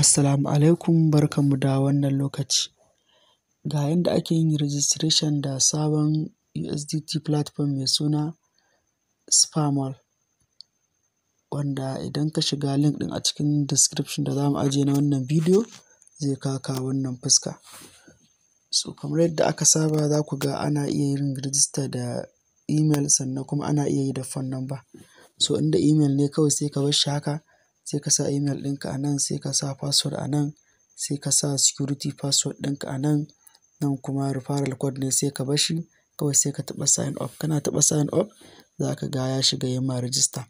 Assalamu alaikum barkanmu da wannan lokaci. Ga yadda ake yin registration da sabon USDT platform mai suna Spamal, wanda idan ka shiga link ɗin a cikin description da za mu ajiye na wannan bidiyo zai kaka wannan fuska. So kamar yadda aka saba za ku ga ana iya yin register da email sannan kuma ana iya yi da phone number. So in da email ne kawai sai ka bar shi haka sai ka sa email ɗinka a nan, sai ka sa password a nan, sai ka sa security password ɗinka a nan, nan kuma referral code ne sai ka bashi kawai sai ka taɓa sign up. Kana taɓa sign up za ka ga ya shiga yamma ma register.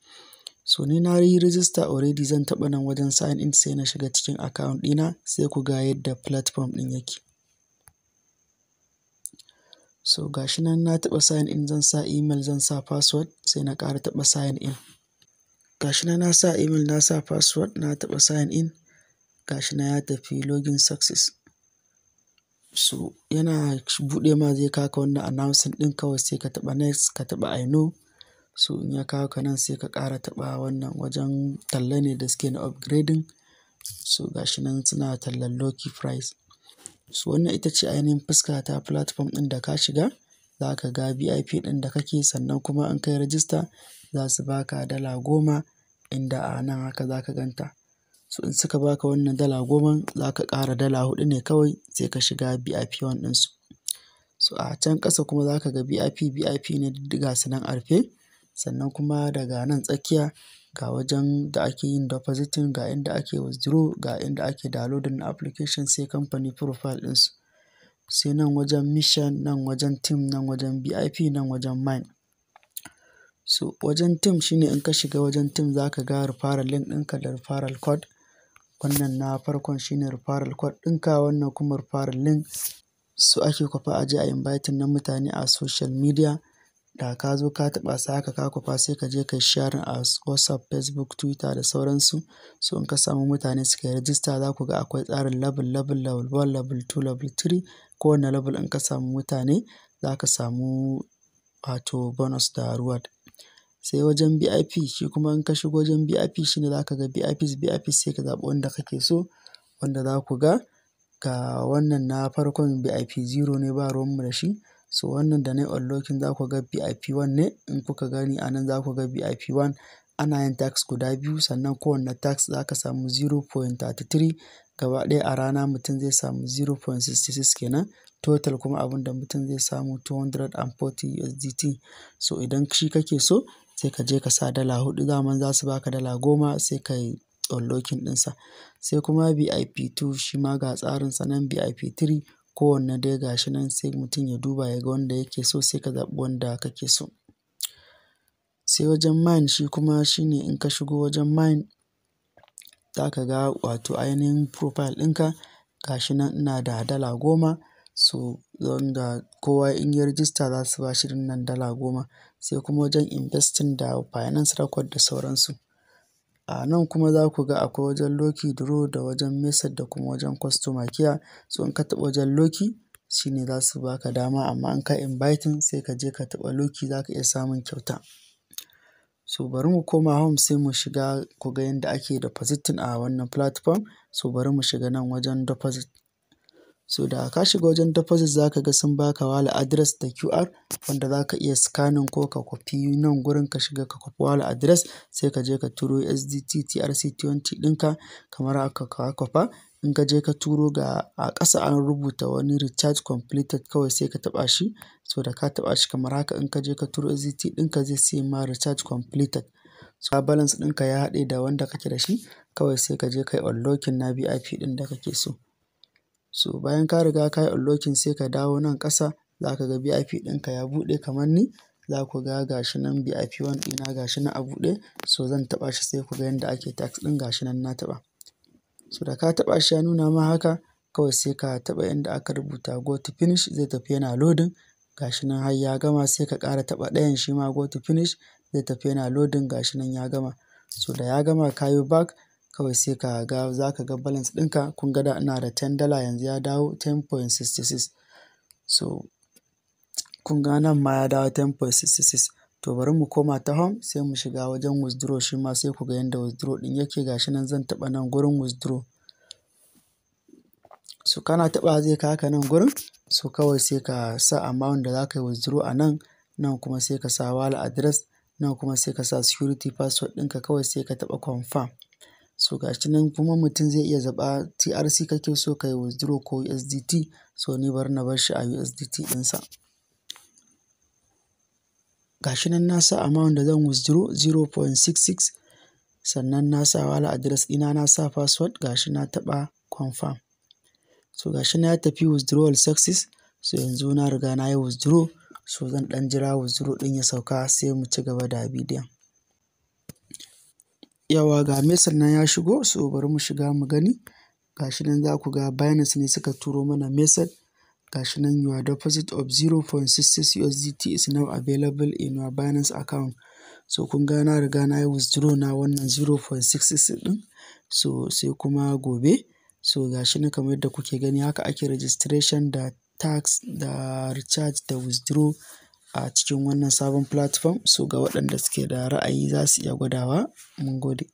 So ni na yi register already zan taɓa nan wajen sign in sai na shiga cikin account ɗina sai ku ga yadda platform ɗin yake. So gashi nan na taɓa sign in zan sa email, zan sa password sai na ƙara taɓa sign in. Gashi na na sa email, na sa password, na taɓa sign in. Gashi na ya tafi login success. So yana buɗe ma zai kaka wannan announcing ɗin kawai sai ka taɓa next, ka taɓa I know. So in ya kawo ka nan sai ka kara taɓa wannan wajen talla ne da suke na upgrading. So gashi nan suna tallan loki price So wannan ita ce ainihin fuska ta platform ɗin da ka shiga. Za ka ga VIP ɗin da kake sannan kuma an kai yi rajista za su ba ka dala goma inda a nan haka za ka ganta. su in suka baka wannan dala goma za ka ƙara dala hudu ne kawai sai ka shiga bip one ɗinsu. So a can ƙasa kuma za ka ga bip bip ne daga ga su nan Sannan kuma daga nan tsakiya ga wajen da ake yin depositing, ga inda ake withdraw, ga inda ake downloading na application sai company profile ɗinsu. Sai nan wajen mission, nan wajen team, nan wajen bip nan wajen mine. So wajen tim shine in ka shiga wajen tim za ka ga referral link ɗinka da referral code. Wannan na farkon shine referral code ɗinka wannan kuma referral link. Su ake kwafa a a inviting na mutane a social media. Da ka zo ka taɓa su haka ka kwafa sai ka je ka yi a WhatsApp, Facebook, Twitter da sauransu. So in ka samu mutane suka yi rajista za ku ga akwai tsarin level, level, level 1 level 2 level ko Kowane level in ka samu mutane za ka samu wato bonus da reward. Sai wajen BIP, shi kuma in ka shigo wajen BIP, shi ne za ka ga BIPs, BIPs sai ka zaɓi wanda kake so wanda za ku ga. Ga wannan na farkon BIP0 ne ba ruwan mu da shi. So wannan da na yi unlocking za ku ga BIP1 ne. In kuka gani a nan za ku ga BIP1, ana yin tax guda biyu sannan kowanne tax za ka samu 0.33, Gaba ɗaya a rana mutum zai samu 0.66 kenan. Total kuma abin da mutum zai samu 240, USDT. So idan shi kake so. sai ka je ka sa dala hudu daman za su baka dala goma sai ka yi tsallokin ɗinsa. Sai kuma VIP2 shi ma ga tsarin sanan nan VIP3 kowanne dai ga nan sai mutum ya duba ya ga wanda yake so sai ka zaɓi wanda kake so. Sai wajen mine shi kuma shine in ka shigo wajen mine za ka ga wato ainihin profile ɗinka ga shi nan ina da dala goma. so da kowa in ya rajista za su ba shi nan dala goma. Sai kuma wajen investin da finance record da sauransu. A nan kuma za ku ga akwai wajen loki Draw da wajen Message da kuma wajen Customer Care. So in ka taɓa wajen loki shi ne za su ba ka dama amma in ka inviting sai ka je ka taɓa loki za ka iya samun kyauta. So bari mu koma home sai mu shiga ku ga yadda ake depositing a wannan platform. So bari mu shiga nan wajen deposit. so da ka shiga wajen deposit za ka ga sun baka wala address da QR wanda za ka iya scanning ko ka kwafi nan gurin ka shiga ka kwafi wala address sai ka je ka turo sdt TRC20 ɗinka kamar aka ka in ka je ka turo ga a ƙasa an rubuta wani recharge completed kawai sai ka taɓa shi so da ka taɓa shi kamar haka in ka je ka turo sdt ɗinka zai sai ma recharge completed so balance ɗinka ya haɗe da wanda kake da shi kawai sai ka je kai unlocking na vip ɗin da kake so So bayan ka riga ka yi unlocking sai ka dawo nan kasa za ka ga VIP ɗinka ya buɗe kamar ni. Za ku ga gashi nan VIP one ɗina gashi nan a buɗe. So zan taɓa shi sai ku ga yanda ake tax ɗin gashi nan na taɓa. So da ka taɓa shi ya nuna ma haka kawai sai ka taɓa inda aka rubuta go to finish zai tafi yana loading gashi nan har ya gama sai ka kara taɓa ɗayan shi ma go to finish zai tafi yana loading gashi nan ya gama. So da ya gama ka yi back. kawai sai ka ga za ka ga balance ɗinka kun ga da ina da ten dala yanzu ya dawo ten point sixty six so kun ga nan ma ya dawo ten point sixty six to bari mu koma ta home sai mu shiga wajen withdraw shi ma sai ku ga yadda withdraw ɗin yake gashi nan zan taɓa nan gurin withdraw so kana taɓa zai ka haka nan gurin so kawai sai ka sa amount da za ka yi withdraw a nan nan kuma sai ka sa wallet address nan kuma sai ka sa security password ɗinka kawai sai ka taɓa confirm So gashi nan kuma mutum zai iya zaba TRC kake so ka yi withdraw ko USDT. So ni bar na bar shi a USDT ɗinsa. Gashi nan na sa amount da zan withdraw 0.66 sannan na sa wala address ɗina na sa password gashi na taɓa confirm. So gashi na ya tafi withdrawal success. So yanzu na riga na yi withdraw. So zan ɗan jira withdraw ɗin ya sauka sai mu ci gaba da bidiyon. yawa ga Mason nan ya shigo so bari mu shiga mu gani ga shi nan za ku ga Binance ne suka turo mana message ga shi nan your deposit of 0.66 USDT is now available in your Binance account so kun ga na riga na yi withdraw na wannan 0.66 din so sai kuma gobe so ga shi nan kamar yadda kuke gani haka ake registration da tax da recharge da withdraw a cikin wannan sabon platform. So ga waɗanda suke da ra'ayi za su iya gwadawa. Mun gode.